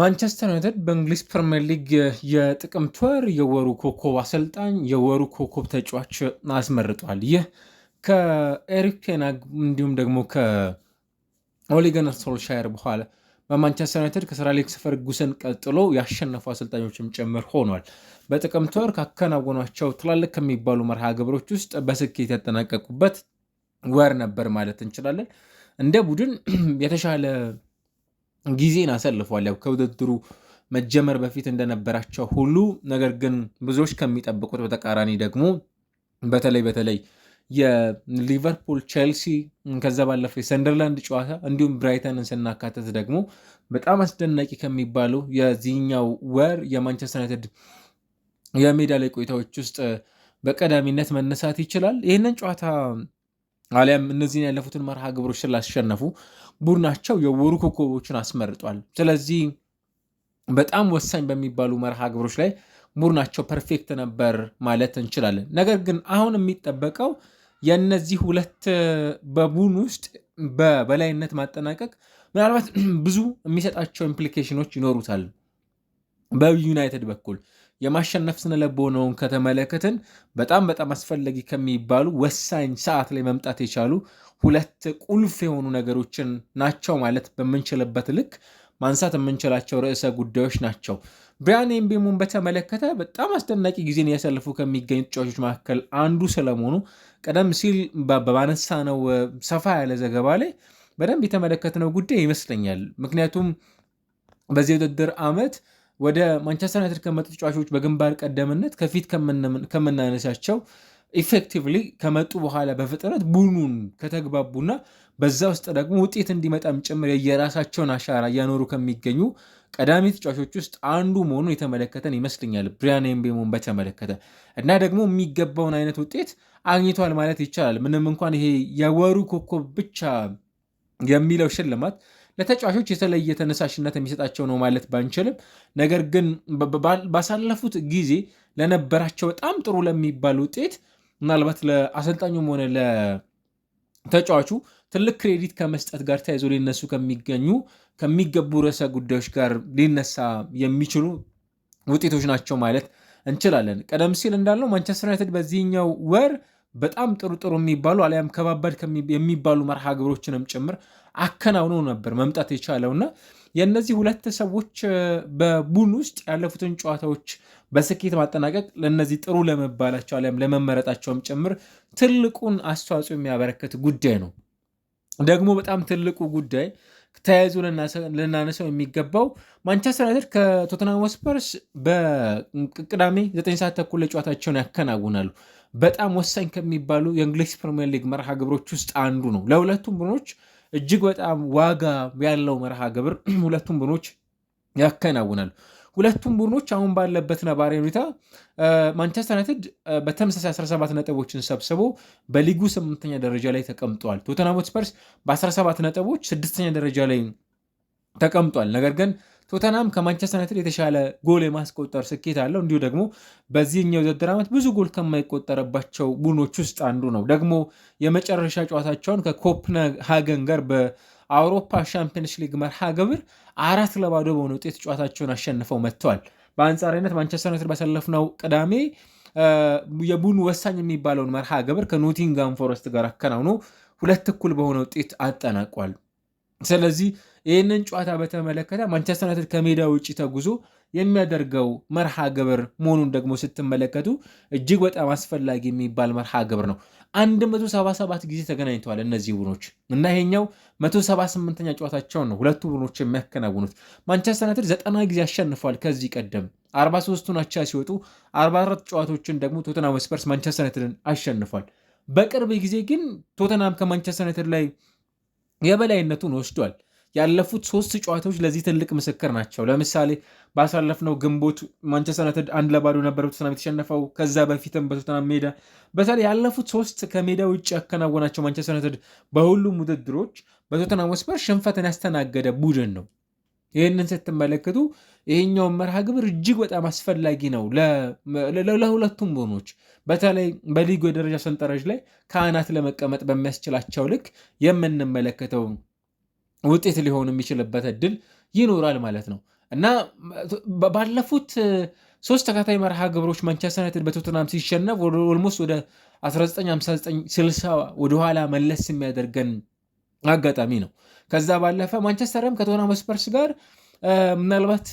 ማንቸስተር ዩናይትድ በእንግሊዝ ፕሪምየር ሊግ የጥቅምት ወር የወሩ ኮከብ አሰልጣኝ፣ የወሩ ኮከብ ተጫዋች አስመርጧል። ይህ ከኤሪክ ቴናግ እንዲሁም ደግሞ ከኦሌ ጉናር ሶልሻየር በኋላ በማንቸስተር ዩናይትድ ከሰር አሌክስ ፈርጉሰን ቀጥሎ ያሸነፉ አሰልጣኞችም ጭምር ሆኗል። በጥቅምት ወር ካከናወኗቸው ትላልቅ ከሚባሉ መርሃ ግብሮች ውስጥ በስኬት ያጠናቀቁበት ወር ነበር ማለት እንችላለን። እንደ ቡድን የተሻለ ጊዜን አሳልፏል። ያው ከውድድሩ መጀመር በፊት እንደነበራቸው ሁሉ ነገር ግን ብዙዎች ከሚጠብቁት በተቃራኒ ደግሞ በተለይ በተለይ የሊቨርፑል ቼልሲ፣ ከዛ ባለፈ የሰንደርላንድ ጨዋታ እንዲሁም ብራይተንን ስናካተት ደግሞ በጣም አስደናቂ ከሚባሉ የዚህኛው ወር የማንቸስተር ዩናይትድ የሜዳ ላይ ቆይታዎች ውስጥ በቀዳሚነት መነሳት ይችላል። ይህንን ጨዋታ አሊያም እነዚህን ያለፉትን መርሃ ግብሮች ስላሸነፉ ቡድናቸው የወሩ ኮከቦችን አስመርጧል። ስለዚህ በጣም ወሳኝ በሚባሉ መርሃ ግብሮች ላይ ቡድናቸው ፐርፌክት ነበር ማለት እንችላለን። ነገር ግን አሁን የሚጠበቀው የእነዚህ ሁለት በቡድን ውስጥ በበላይነት ማጠናቀቅ ምናልባት ብዙ የሚሰጣቸው ኢምፕሊኬሽኖች ይኖሩታል። በዩናይትድ በኩል የማሸነፍ ስነልቦናውን ከተመለከትን በጣም በጣም አስፈላጊ ከሚባሉ ወሳኝ ሰዓት ላይ መምጣት የቻሉ ሁለት ቁልፍ የሆኑ ነገሮችን ናቸው ማለት በምንችልበት ልክ ማንሳት የምንችላቸው ርዕሰ ጉዳዮች ናቸው። ብሪያን ኤምቤሞን በተመለከተ በጣም አስደናቂ ጊዜን እያሳለፉ ከሚገኙ ተጫዋቾች መካከል አንዱ ስለመሆኑ ቀደም ሲል ባነሳነው ሰፋ ያለ ዘገባ ላይ በደንብ የተመለከትነው ጉዳይ ይመስለኛል። ምክንያቱም በዚህ ውድድር ዓመት ወደ ማንቸስተር ዩናይትድ ከመጡ ተጫዋቾች በግንባር ቀደምነት ከፊት ከምናነሳቸው ኢፌክቲቭሊ ከመጡ በኋላ በፍጥነት ቡኑን ከተግባቡና በዛ ውስጥ ደግሞ ውጤት እንዲመጣም ጭምር የየራሳቸውን አሻራ እያኖሩ ከሚገኙ ቀዳሚ ተጫዋቾች ውስጥ አንዱ መሆኑን የተመለከተን ይመስለኛል። ብሪያን ኤምቤሞን በተመለከተ እና ደግሞ የሚገባውን አይነት ውጤት አግኝቷል ማለት ይቻላል። ምንም እንኳን ይሄ የወሩ ኮከብ ብቻ የሚለው ሽልማት ለተጫዋቾች የተለየ ተነሳሽነት የሚሰጣቸው ነው ማለት ባንችልም፣ ነገር ግን ባሳለፉት ጊዜ ለነበራቸው በጣም ጥሩ ለሚባል ውጤት ምናልባት ለአሰልጣኙም ሆነ ለተጫዋቹ ትልቅ ክሬዲት ከመስጠት ጋር ተያይዞ ሊነሱ ከሚገኙ ከሚገቡ ርዕሰ ጉዳዮች ጋር ሊነሳ የሚችሉ ውጤቶች ናቸው ማለት እንችላለን። ቀደም ሲል እንዳለው ማንቸስተር ዩናይትድ በዚህኛው ወር በጣም ጥሩ ጥሩ የሚባሉ አሊያም ከባባድ የሚባሉ መርሃ ግብሮችንም ጭምር አከናውኖ ነበር መምጣት የቻለውና የእነዚህ ሁለት ሰዎች በቡድን ውስጥ ያለፉትን ጨዋታዎች በስኬት ማጠናቀቅ ለእነዚህ ጥሩ ለመባላቸው አሊያም ለመመረጣቸውም ጭምር ትልቁን አስተዋጽኦ የሚያበረከት ጉዳይ ነው። ደግሞ በጣም ትልቁ ጉዳይ ተያይዞ ልናነሰው የሚገባው ማንቸስተር ዩናይትድ ከቶተናም ስፐርስ በቅዳሜ ዘጠኝ ሰዓት ተኩል ለጨዋታቸውን ያከናውናሉ። በጣም ወሳኝ ከሚባሉ የእንግሊዝ ፕሪሚየር ሊግ መርሃ ግብሮች ውስጥ አንዱ ነው። ለሁለቱም ቡድኖች እጅግ በጣም ዋጋ ያለው መርሃ ግብር ሁለቱም ቡድኖች ያከናውናሉ። ሁለቱም ቡድኖች አሁን ባለበት ነባሪ ሁኔታ ማንቸስተር ዩናይትድ በተመሳሳይ 17 ነጥቦችን ሰብስቦ በሊጉ ስምንተኛ ደረጃ ላይ ተቀምጧል። ቶተንሃም ሆትስፐርስ በ17 ነጥቦች ስድስተኛ ደረጃ ላይ ተቀምጧል። ነገር ግን ቶተናም ከማንቸስተር ዩናይትድ የተሻለ ጎል የማስቆጠር ስኬት አለው። እንዲሁ ደግሞ በዚህኛው ውድድር ዓመት ብዙ ጎል ከማይቆጠርባቸው ቡድኖች ውስጥ አንዱ ነው። ደግሞ የመጨረሻ ጨዋታቸውን ከኮፕንሃገን ጋር በ አውሮፓ ሻምፒየንስ ሊግ መርሃ ግብር አራት ለባዶ በሆነ ውጤት ጨዋታቸውን አሸንፈው መጥተዋል። በአንጻራዊነት ማንቸስተር ዩናይትድ ባሳለፍነው ቅዳሜ የቡድኑ ወሳኝ የሚባለውን መርሃ ግብር ከኖቲንጋም ፎረስት ጋር አከናውኖ ሁለት እኩል በሆነ ውጤት አጠናቋል። ስለዚህ ይህንን ጨዋታ በተመለከተ ማንቸስተር ዩናይትድ ከሜዳ ውጭ ተጉዞ የሚያደርገው መርሃ ግብር መሆኑን ደግሞ ስትመለከቱ እጅግ በጣም አስፈላጊ የሚባል መርሃ ግብር ነው። 177 ጊዜ ተገናኝተዋል እነዚህ ቡድኖች እና ይሄኛው 178ኛ ጨዋታቸው ነው ሁለቱ ቡድኖች የሚያከናውኑት። ማንቸስተር ዩናይትድ ዘጠና ጊዜ አሸንፏል ከዚህ ቀደም 43ቱን አቻ ሲወጡ 44 ጨዋታዎችን ደግሞ ቶተንሃም ስፐርስ ማንቸስተር ዩናይትድን አሸንፏል። በቅርብ ጊዜ ግን ቶተናም ከማንቸስተር ዩናይትድ ላይ የበላይነቱን ወስዷል። ያለፉት ሶስት ጨዋታዎች ለዚህ ትልቅ ምስክር ናቸው። ለምሳሌ ባሳለፍነው ግንቦት ማንቸስተር ዩናይትድ አንድ ለባዶ ነበር በቶተናም የተሸነፈው። ከዛ በፊትም በቶተናም ሜዳ በተለይ ያለፉት ሶስት ከሜዳ ውጭ ያከናወናቸው ማንቸስተር ዩናይትድ በሁሉም ውድድሮች በቶተናም ወስፐር ሽንፈትን ያስተናገደ ቡድን ነው። ይህንን ስትመለከቱ ይሄኛውን መርሃ ግብር እጅግ በጣም አስፈላጊ ነው ለሁለቱም ቡድኖች በተለይ በሊጉ የደረጃ ሰንጠረዥ ላይ ከአናት ለመቀመጥ በሚያስችላቸው ልክ የምንመለከተው ውጤት ሊሆን የሚችልበት እድል ይኖራል ማለት ነው እና ባለፉት ሶስት ተከታይ መርሃ ግብሮች ማንቸስተር ዩናይትድ በቶትናም ሲሸነፍ ኦልሞስት ወደ 1959/60 ወደኋላ መለስ የሚያደርገን አጋጣሚ ነው። ከዛ ባለፈ ማንቸስተርም ከቶትናም ስፐርስ ጋር ምናልባት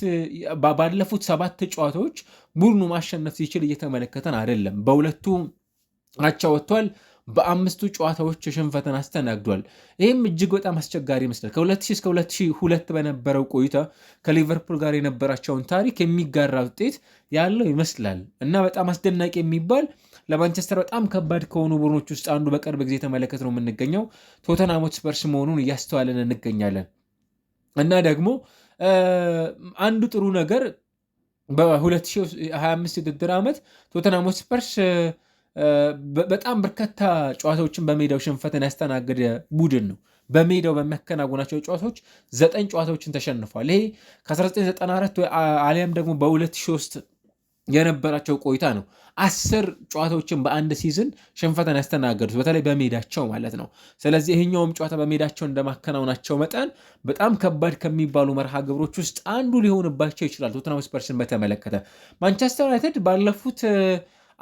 ባለፉት ሰባት ጨዋታዎች ቡድኑ ማሸነፍ ሲችል እየተመለከተን አይደለም። በሁለቱ አቻ ወጥቷል። በአምስቱ ጨዋታዎች ሽንፈትን አስተናግዷል። ይህም እጅግ በጣም አስቸጋሪ ይመስላል። ከ2000 እስከ 2002 በነበረው ቆይታ ከሊቨርፑል ጋር የነበራቸውን ታሪክ የሚጋራ ውጤት ያለው ይመስላል እና በጣም አስደናቂ የሚባል ለማንቸስተር በጣም ከባድ ከሆኑ ቡድኖች ውስጥ አንዱ በቅርብ ጊዜ የተመለከት ነው የምንገኘው ቶተንሃም ሆትስፐርስ መሆኑን እያስተዋለን እንገኛለን እና ደግሞ አንዱ ጥሩ ነገር በ2025 ውድድር ዓመት ቶተንሃም ሆትስፐርስ በጣም በርካታ ጨዋታዎችን በሜዳው ሽንፈትን ያስተናገደ ቡድን ነው። በሜዳው በሚያከናውናቸው ጨዋታዎች ዘጠኝ ጨዋታዎችን ተሸንፏል። ይሄ ከ1994 አሊያም ደግሞ በ2003 የነበራቸው ቆይታ ነው። አስር ጨዋታዎችን በአንድ ሲዝን ሽንፈትን ያስተናገዱት በተለይ በሜዳቸው ማለት ነው። ስለዚህ ይህኛውም ጨዋታ በሜዳቸው እንደማከናውናቸው መጠን በጣም ከባድ ከሚባሉ መርሃ ግብሮች ውስጥ አንዱ ሊሆንባቸው ይችላል። ቶተንሃም ስፐርስን በተመለከተ ማንቸስተር ዩናይትድ ባለፉት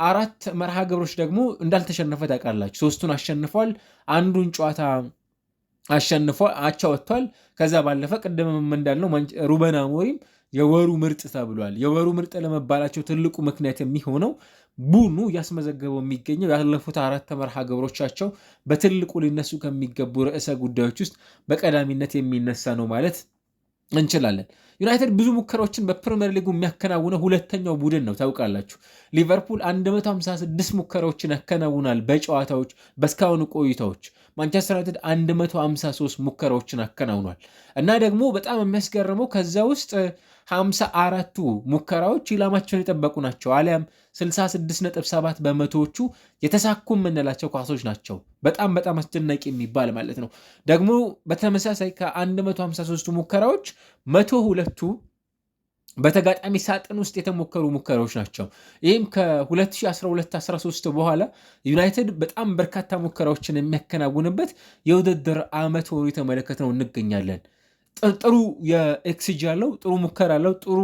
አራት መርሃ ግብሮች ደግሞ እንዳልተሸነፈ ታውቃላችሁ። ሶስቱን አሸንፏል። አንዱን ጨዋታ አሸንፎ አቻ ወጥቷል። ከዛ ባለፈ ቅድምም እንዳልነው ሩበን አሞሪም የወሩ ምርጥ ተብሏል። የወሩ ምርጥ ለመባላቸው ትልቁ ምክንያት የሚሆነው ቡኑ እያስመዘገበው የሚገኘው ያለፉት አራት መርሃ ግብሮቻቸው በትልቁ ሊነሱ ከሚገቡ ርዕሰ ጉዳዮች ውስጥ በቀዳሚነት የሚነሳ ነው ማለት እንችላለን። ዩናይትድ ብዙ ሙከራዎችን በፕሪምየር ሊጉ የሚያከናውነው ሁለተኛው ቡድን ነው ታውቃላችሁ። ሊቨርፑል 156 ሙከራዎችን ያከናውናል በጨዋታዎች በእስካሁን ቆይታዎች። ማንቸስተር ዩናይትድ 153 ሙከራዎችን አከናውኗል እና ደግሞ በጣም የሚያስገርመው ከዛ ውስጥ 54ቱ ሙከራዎች ኢላማቸውን የጠበቁ ናቸው አሊያም 66.7 በመቶዎቹ የተሳኩ የምንላቸው ኳሶች ናቸው። በጣም በጣም አስደናቂ የሚባል ማለት ነው። ደግሞ በተመሳሳይ ከ153ቱ ሙከራዎች መቶ ሁለቱ በተጋጣሚ ሳጥን ውስጥ የተሞከሩ ሙከራዎች ናቸው። ይህም ከ2012/13 በኋላ ዩናይትድ በጣም በርካታ ሙከራዎችን የሚያከናውንበት የውድድር ዓመት ሆኖ የተመለከትነው እንገኛለን። ጥሩ የኤክስጂ አለው፣ ጥሩ ሙከራ አለው፣ ጥሩ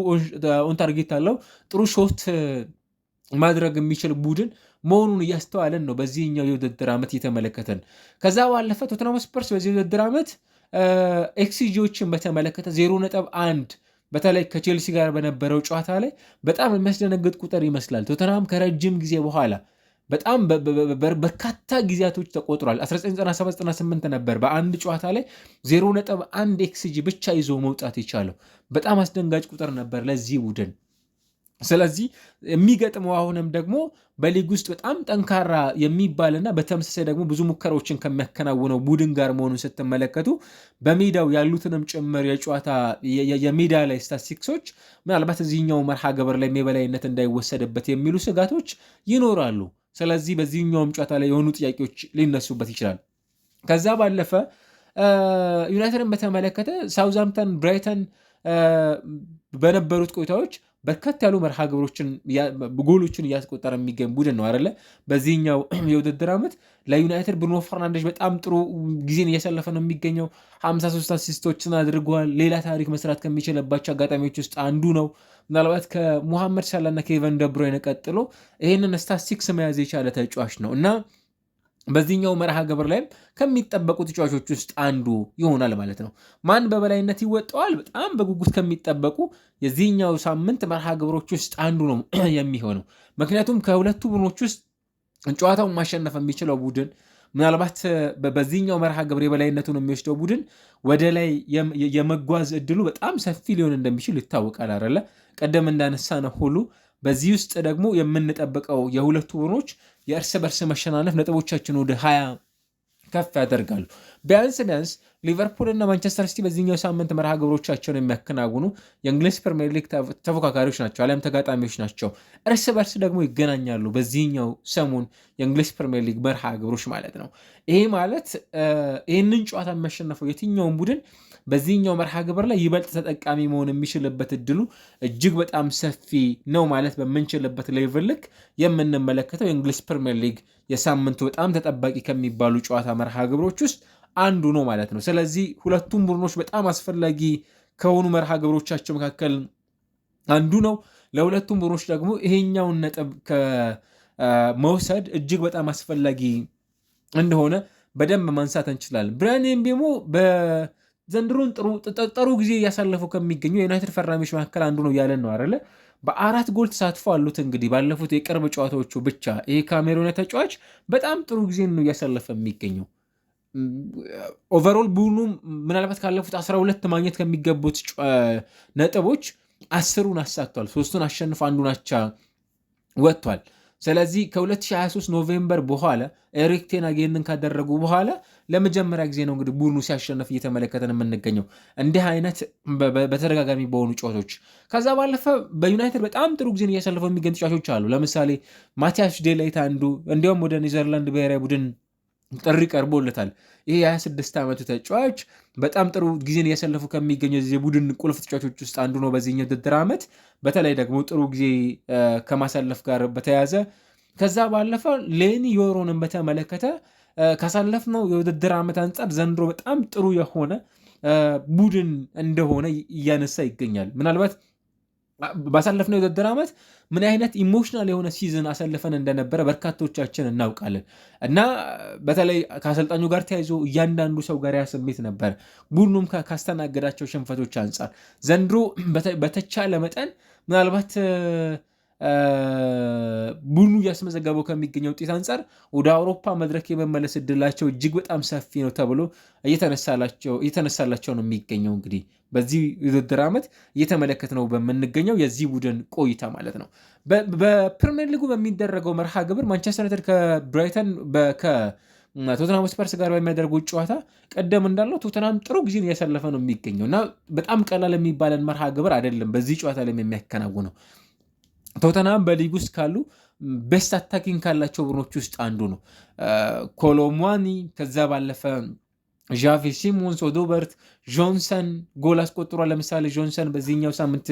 ኦንታርጌት አለው፣ ጥሩ ሾት ማድረግ የሚችል ቡድን መሆኑን እያስተዋለን ነው። በዚህኛው የውድድር ዓመት እየተመለከተን ከዛ ባለፈ ቶተንሃም ስፐርስ በዚህ የውድድር ዓመት ኤክስጂዎችን በተመለከተ 0.1 በተለይ ከቼልሲ ጋር በነበረው ጨዋታ ላይ በጣም የሚያስደነግጥ ቁጥር ይመስላል። ቶተናም ከረጅም ጊዜ በኋላ በጣም በርካታ ጊዜያቶች ተቆጥሯል። 1997/98 ነበር በአንድ ጨዋታ ላይ 0.1 ኤክስጂ ብቻ ይዞ መውጣት የቻለው። በጣም አስደንጋጭ ቁጥር ነበር ለዚህ ቡድን። ስለዚህ የሚገጥመው አሁንም ደግሞ በሊግ ውስጥ በጣም ጠንካራ የሚባልና በተመሳሳይ ደግሞ ብዙ ሙከራዎችን ከሚያከናውነው ቡድን ጋር መሆኑን ስትመለከቱ በሜዳው ያሉትንም ጭምር የጨዋታ የሜዳ ላይ ስታቲስቲክሶች ምናልባት እዚህኛው መርሃ ግብር ላይ የበላይነት እንዳይወሰድበት የሚሉ ስጋቶች ይኖራሉ። ስለዚህ በዚህኛውም ጨዋታ ላይ የሆኑ ጥያቄዎች ሊነሱበት ይችላል። ከዛ ባለፈ ዩናይትድን በተመለከተ ሳውዝሃምፕተን፣ ብራይተን በነበሩት ቆይታዎች በርከት ያሉ መርሃ ግብሮችን ጎሎችን እያስቆጠረ የሚገኝ ቡድን ነው አይደለ? በዚህኛው የውድድር ዓመት ለዩናይትድ ብሩኖ ፈርናንዴዝ በጣም ጥሩ ጊዜን እያሳለፈ ነው የሚገኘው። 53 አሲስቶችን አድርጓል። ሌላ ታሪክ መስራት ከሚችልባቸው አጋጣሚዎች ውስጥ አንዱ ነው። ምናልባት ከሞሐመድ ሳላና ከኤቨን ደብሮ ቀጥሎ ይህንን ስታትስቲክስ መያዝ የቻለ ተጫዋች ነው እና በዚህኛው መርሃ ግብር ላይም ከሚጠበቁ ተጫዋቾች ውስጥ አንዱ ይሆናል ማለት ነው። ማን በበላይነት ይወጣዋል? በጣም በጉጉት ከሚጠበቁ የዚህኛው ሳምንት መርሃ ግብሮች ውስጥ አንዱ ነው የሚሆነው። ምክንያቱም ከሁለቱ ቡድኖች ውስጥ ጨዋታውን ማሸነፍ የሚችለው ቡድን ምናልባት በዚህኛው መርሃ ግብር የበላይነቱን የሚወስደው ቡድን ወደ ላይ የመጓዝ እድሉ በጣም ሰፊ ሊሆን እንደሚችል ይታወቃል። አለ ቀደም እንዳነሳ ነው ሁሉ በዚህ ውስጥ ደግሞ የምንጠብቀው የሁለቱ ቡድኖች የእርስ በርስ መሸናነፍ ነጥቦቻችን ወደ ሀያ ከፍ ያደርጋሉ። ቢያንስ ቢያንስ ሊቨርፑል እና ማንቸስተር ሲቲ በዚህኛው ሳምንት መርሃ ግብሮቻቸውን የሚያከናውኑ የእንግሊዝ ፕሪምየር ሊግ ተፎካካሪዎች ናቸው፣ አሊያም ተጋጣሚዎች ናቸው። እርስ በርስ ደግሞ ይገናኛሉ በዚህኛው ሰሞን የእንግሊዝ ፕሪምየር ሊግ መርሃ ግብሮች ማለት ነው። ይሄ ማለት ይህንን ጨዋታ የሚያሸነፈው የትኛውን ቡድን በዚህኛው መርሃ ግብር ላይ ይበልጥ ተጠቃሚ መሆን የሚችልበት እድሉ እጅግ በጣም ሰፊ ነው ማለት በምንችልበት ሌቭል ልክ የምንመለከተው የእንግሊዝ ፕሪምየር ሊግ የሳምንቱ በጣም ተጠባቂ ከሚባሉ ጨዋታ መርሃ ግብሮች ውስጥ አንዱ ነው ማለት ነው። ስለዚህ ሁለቱም ቡድኖች በጣም አስፈላጊ ከሆኑ መርሃ ግብሮቻቸው መካከል አንዱ ነው። ለሁለቱም ቡድኖች ደግሞ ይሄኛውን ነጥብ ከመውሰድ እጅግ በጣም አስፈላጊ እንደሆነ በደንብ ማንሳት እንችላለን። ብሪያን ምቤሞ ዘንድሮን ጥሩ ጊዜ እያሳለፉ ከሚገኙ የዩናይትድ ፈራሚዎች መካከል አንዱ ነው እያለን ነው አለ። በአራት ጎል ተሳትፎ አሉት። እንግዲህ ባለፉት የቅርብ ጨዋታዎቹ ብቻ ይሄ ካሜሩን ተጫዋች በጣም ጥሩ ጊዜ ነው እያሳለፈ የሚገኘው። ኦቨሮል ቡድኑ ምናልባት ካለፉት 12 ማግኘት ከሚገቡት ነጥቦች አስሩን አሳክቷል። ሶስቱን አሸንፎ አንዱን አቻ ወጥቷል። ስለዚህ ከ2023 ኖቬምበር በኋላ ኤሪክ ቴን ይህንን ካደረጉ በኋላ ለመጀመሪያ ጊዜ ነው እንግዲህ ቡድኑ ሲያሸነፍ እየተመለከተን የምንገኘው እንዲህ አይነት በተደጋጋሚ በሆኑ ጨዋቶች። ከዛ ባለፈ በዩናይትድ በጣም ጥሩ ጊዜን እያሳለፈው የሚገኝ ተጫዋቾች አሉ። ለምሳሌ ማቲያስ ዴላይት አንዱ እንዲሁም ወደ ኔዘርላንድ ብሔራዊ ቡድን ጥሪ ቀርቦለታል። ይህ የ26 ዓመቱ ተጫዋች በጣም ጥሩ ጊዜን እያሳለፉ ከሚገኙ የቡድን ቁልፍ ተጫዋቾች ውስጥ አንዱ ነው። በዚህኛው ውድድር ዓመት በተለይ ደግሞ ጥሩ ጊዜ ከማሳለፍ ጋር በተያያዘ ከዛ ባለፈ ሌኒ ዮሮንን በተመለከተ ካሳለፍነው የውድድር ዓመት አንጻር ዘንድሮ በጣም ጥሩ የሆነ ቡድን እንደሆነ እያነሳ ይገኛል ምናልባት ባሳለፍነው የውድድር ዓመት ምን አይነት ኢሞሽናል የሆነ ሲዝን አሳልፈን እንደነበረ በርካቶቻችን እናውቃለን እና በተለይ ከአሰልጣኙ ጋር ተያይዞ እያንዳንዱ ሰው ጋር ያ ስሜት ነበረ። ቡድኑም ካስተናገዳቸው ሽንፈቶች አንጻር ዘንድሮ በተቻለ መጠን ምናልባት ቡድኑ እያስመዘገበው ከሚገኘው ውጤት አንጻር ወደ አውሮፓ መድረክ የመመለስ እድላቸው እጅግ በጣም ሰፊ ነው ተብሎ እየተነሳላቸው ነው የሚገኘው። እንግዲህ በዚህ ውድድር ዓመት እየተመለከት ነው በምንገኘው የዚህ ቡድን ቆይታ ማለት ነው። በፕሪሚየር ሊጉ በሚደረገው መርሃ ግብር ማንቸስተር ዩናይትድ ከብራይተን ቶተናም ስፐርስ ጋር በሚያደርጉት ጨዋታ ቀደም እንዳለው ቶተናም ጥሩ ጊዜ እያሳለፈ ነው የሚገኘው እና በጣም ቀላል የሚባለን መርሃ ግብር አይደለም በዚህ ጨዋታ ላይ የሚያከናውነው ቶተናም በሊግ ውስጥ ካሉ ቤስት አታኪንግ ካላቸው ቡድኖች ውስጥ አንዱ ነው። ኮሎሟኒ ከዛ ባለፈ ዣቪ ሲሞንስ፣ ኦዶበርት፣ ጆንሰን ጎል አስቆጥሯል። ለምሳሌ ጆንሰን በዚህኛው ሳምንት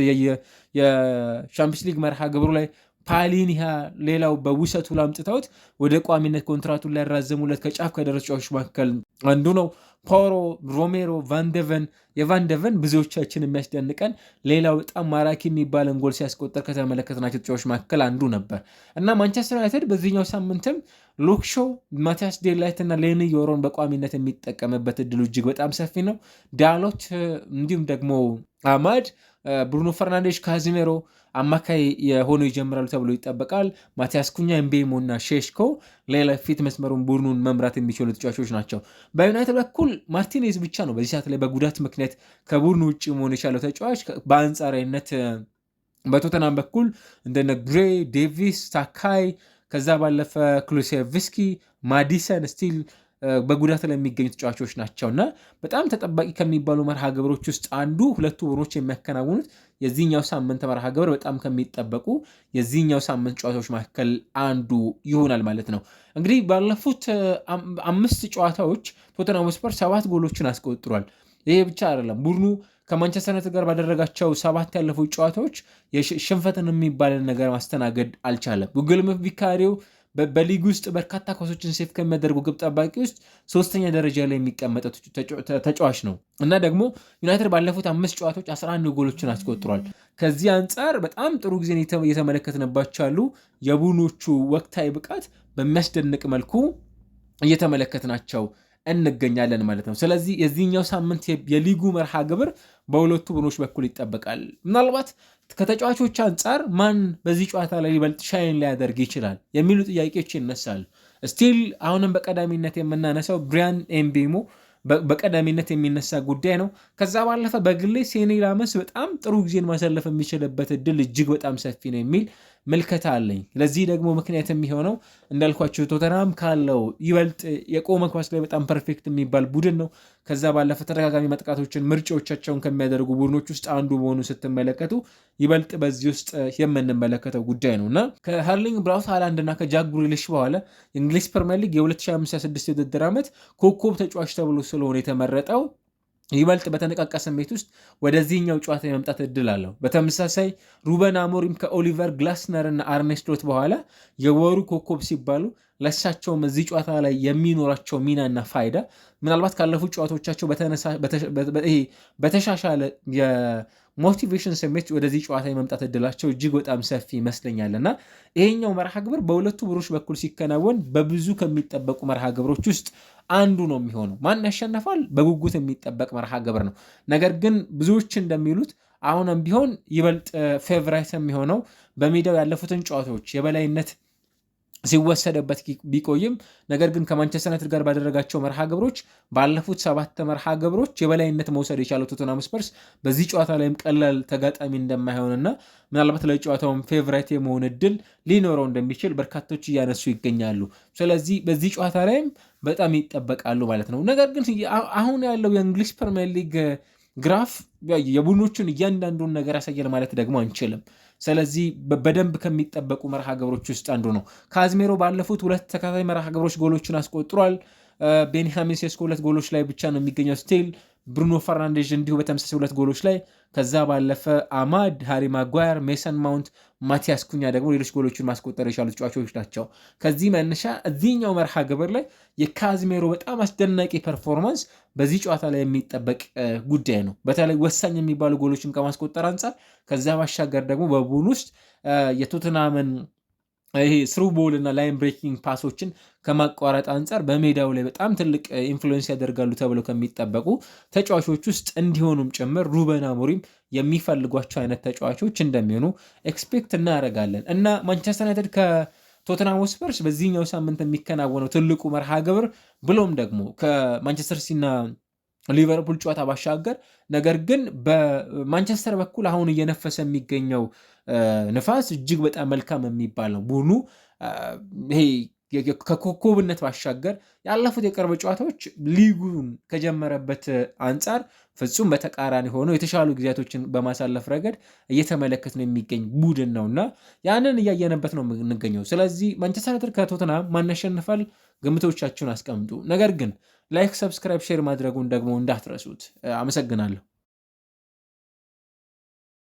የሻምፒዮንስ ሊግ መርሃ ግብሩ ላይ ፓሊኒያ ሌላው በውሰቱ ላምጥተውት ወደ ቋሚነት ኮንትራቱን ሊያራዘሙለት ከጫፍ ከደረሱ መካከል አንዱ ነው። ፖሮ ሮሜሮ፣ ቫንደቨን የቫንደቨን ብዙዎቻችን የሚያስደንቀን ሌላው በጣም ማራኪ የሚባለን ጎል ሲያስቆጠር ከተመለከትናቸው ተጫዋቾች መካከል አንዱ ነበር እና ማንቸስተር ዩናይትድ በዚህኛው ሳምንትም ሉክሾ፣ ማቲያስ ዴላይት እና ሌኒ ዮሮን በቋሚነት የሚጠቀምበት እድሉ እጅግ በጣም ሰፊ ነው። ዳሎት እንዲሁም ደግሞ አማድ ብሩኖ ፈርናንዴሽ ካዚሜሮ አማካይ የሆነው ይጀምራሉ ተብሎ ይጠበቃል። ማቲያስ ኩኛ፣ ኤምቤሞ እና ሼሽኮ ሌላ ፊት መስመሩን ቡድኑን መምራት የሚችሉ ተጫዋቾች ናቸው። በዩናይትድ በኩል ማርቲኔዝ ብቻ ነው በዚህ ሰዓት ላይ በጉዳት ምክንያት ከቡድኑ ውጭ መሆን የቻለው ተጫዋች በአንጻራዊነት በቶተናም በኩል እንደነ ግሬ፣ ዴቪስ፣ ታካይ ከዛ ባለፈ ክሉሴቭስኪ፣ ማዲሰን ስቲል በጉዳት ላይ የሚገኙ ተጫዋቾች ናቸው እና በጣም ተጠባቂ ከሚባሉ መርሃ ግብሮች ውስጥ አንዱ ሁለቱ ቡድኖች የሚያከናውኑት የዚህኛው ሳምንት መርሃ ግብር በጣም ከሚጠበቁ የዚህኛው ሳምንት ጨዋታዎች መካከል አንዱ ይሆናል ማለት ነው። እንግዲህ ባለፉት አምስት ጨዋታዎች ቶተናም ስፐር ሰባት ጎሎችን አስቆጥሯል። ይሄ ብቻ አይደለም። ቡድኑ ከማንቸስተር ዩናይትድ ጋር ባደረጋቸው ሰባት ያለፉት ጨዋታዎች ሽንፈትን የሚባልን ነገር ማስተናገድ አልቻለም። ጉግል ቪካሪው በሊግ ውስጥ በርካታ ኳሶችን ሴፍ ከሚያደርጉ ግብ ጠባቂ ውስጥ ሶስተኛ ደረጃ ላይ የሚቀመጠ ተጫዋች ነው እና ደግሞ ዩናይትድ ባለፉት አምስት ጨዋታዎች 11 ጎሎችን አስቆጥሯል። ከዚህ አንጻር በጣም ጥሩ ጊዜ እየተመለከትንባቸው ያሉ የቡኖቹ ወቅታዊ ብቃት በሚያስደንቅ መልኩ እየተመለከትናቸው እንገኛለን ማለት ነው። ስለዚህ የዚህኛው ሳምንት የሊጉ መርሃ ግብር በሁለቱ ቡድኖች በኩል ይጠበቃል። ምናልባት ከተጫዋቾች አንጻር ማን በዚህ ጨዋታ ላይ ሊበልጥ ሻይን ሊያደርግ ይችላል የሚሉ ጥያቄዎች ይነሳሉ። ስቲል አሁንም በቀዳሚነት የምናነሳው ብሪያን ኤምቤሞ በቀዳሚነት የሚነሳ ጉዳይ ነው። ከዛ ባለፈ በግሌ ሴኒ በጣም ጥሩ ጊዜን ማሳለፍ የሚችልበት እድል እጅግ በጣም ሰፊ ነው የሚል ምልከታ አለኝ። ለዚህ ደግሞ ምክንያት የሚሆነው እንዳልኳቸው ቶተናም ካለው ይበልጥ የቆመ ኳስ ላይ በጣም ፐርፌክት የሚባል ቡድን ነው። ከዛ ባለፈ ተደጋጋሚ መጥቃቶችን ምርጫዎቻቸውን ከሚያደርጉ ቡድኖች ውስጥ አንዱ መሆኑ ስትመለከቱ ይበልጥ በዚህ ውስጥ የምንመለከተው ጉዳይ ነው እና ከሃርሊንግ ብራውት ሃላንድ እና ከጃክ ግሪሊሽ በኋላ የእንግሊዝ ፕሪሚየር ሊግ የ2056 የውድድር ዓመት ኮከብ ተጫዋች ተብሎ ስለሆነ የተመረጠው ይበልጥ በተነቃቃ ስሜት ውስጥ ወደዚህኛው ጨዋታ የመምጣት እድል አለው። በተመሳሳይ ሩበን አሞሪም ከኦሊቨር ግላስነር እና አርኔ በኋላ የወሩ ኮከብ ሲባሉ ለሳቸው እዚህ ጨዋታ ላይ የሚኖራቸው ሚና እና ፋይዳ ምናልባት ካለፉት ጨዋታዎቻቸው በተሻሻለ ሞቲቬሽን ስሜት ወደዚህ ጨዋታ የመምጣት እድላቸው እጅግ በጣም ሰፊ ይመስለኛል እና ይሄኛው መርሃ ግብር በሁለቱ ቡድኖች በኩል ሲከናወን በብዙ ከሚጠበቁ መርሃ ግብሮች ውስጥ አንዱ ነው የሚሆነው። ማን ያሸነፋል በጉጉት የሚጠበቅ መርሃ ግብር ነው። ነገር ግን ብዙዎች እንደሚሉት አሁንም ቢሆን ይበልጥ ፌቨራይት የሚሆነው በሜዳው ያለፉትን ጨዋታዎች የበላይነት ሲወሰደበት ቢቆይም ነገር ግን ከማንቸስተር ዩናይትድ ጋር ባደረጋቸው መርሃ ግብሮች ባለፉት ሰባት መርሃ ግብሮች የበላይነት መውሰድ የቻለው ቶተንሃም ስፐርስ በዚህ ጨዋታ ላይም ቀላል ተጋጣሚ እንደማይሆንና ምናልባት ላይ ጨዋታውን ፌቨራይት የመሆን እድል ሊኖረው እንደሚችል በርካቶች እያነሱ ይገኛሉ። ስለዚህ በዚህ ጨዋታ ላይም በጣም ይጠበቃሉ ማለት ነው። ነገር ግን አሁን ያለው የእንግሊዝ ፕሪሚየር ሊግ ግራፍ የቡድኖቹን እያንዳንዱን ነገር ያሳያል ማለት ደግሞ አንችልም። ስለዚህ በደንብ ከሚጠበቁ መርሃ ግብሮች ውስጥ አንዱ ነው። ካዝሜሮ ባለፉት ሁለት ተከታታይ መርሃ ግብሮች ጎሎችን አስቆጥሯል። ቤንያሚን ሴስኮ ሁለት ጎሎች ላይ ብቻ ነው የሚገኘው ስቲል ብሩኖ ፈርናንዴዥ እንዲሁ በተመሳሳይ ሁለት ጎሎች ላይ ከዛ ባለፈ አማድ፣ ሃሪ ማጓየር፣ ሜሰን ማውንት ማቲያስ ኩኛ ደግሞ ሌሎች ጎሎችን ማስቆጠር የቻሉ ተጫዋቾች ናቸው። ከዚህ መነሻ እዚህኛው መርሃ ግብር ላይ የካዝሜሮ በጣም አስደናቂ ፐርፎርማንስ በዚህ ጨዋታ ላይ የሚጠበቅ ጉዳይ ነው። በተለይ ወሳኝ የሚባሉ ጎሎችን ከማስቆጠር አንጻር፣ ከዛ ባሻገር ደግሞ በቡድን ውስጥ የቶትናምን ይሄ ስሩ ቦል እና ላይን ብሬኪንግ ፓሶችን ከማቋረጥ አንጻር በሜዳው ላይ በጣም ትልቅ ኢንፍሉዌንስ eh, ያደርጋሉ ተብለው ከሚጠበቁ ተጫዋቾች ውስጥ እንዲሆኑም ጭምር ሩበን አሞሪም የሚፈልጓቸው አይነት ተጫዋቾች እንደሚሆኑ ኤክስፔክት እናደርጋለን እና ማንቸስተር ዩናይትድ ከቶተንሃም ስፐርስ በዚህኛው ሳምንት የሚከናወነው ትልቁ መርሃ ግብር ብሎም ደግሞ ከማንቸስተር ሲና ሊቨርፑል ጨዋታ ባሻገር ነገር ግን በማንቸስተር በኩል አሁን እየነፈሰ የሚገኘው ንፋስ እጅግ በጣም መልካም የሚባል ነው። ቡኑ ይሄ ከኮከብነት ባሻገር ያለፉት የቅርብ ጨዋታዎች ሊጉን ከጀመረበት አንጻር ፍጹም በተቃራኒ ሆነው የተሻሉ ጊዜያቶችን በማሳለፍ ረገድ እየተመለከት ነው የሚገኝ ቡድን ነው እና ያንን እያየንበት ነው የምንገኘው። ስለዚህ ማንቸስተር ዩናይትድ ከቶተንሃም ማን ያሸንፋል? ግምቶቻችሁን አስቀምጡ። ነገር ግን ላይክ፣ ሰብስክራይብ፣ ሼር ማድረጉን ደግሞ እንዳትረሱት። አመሰግናለሁ።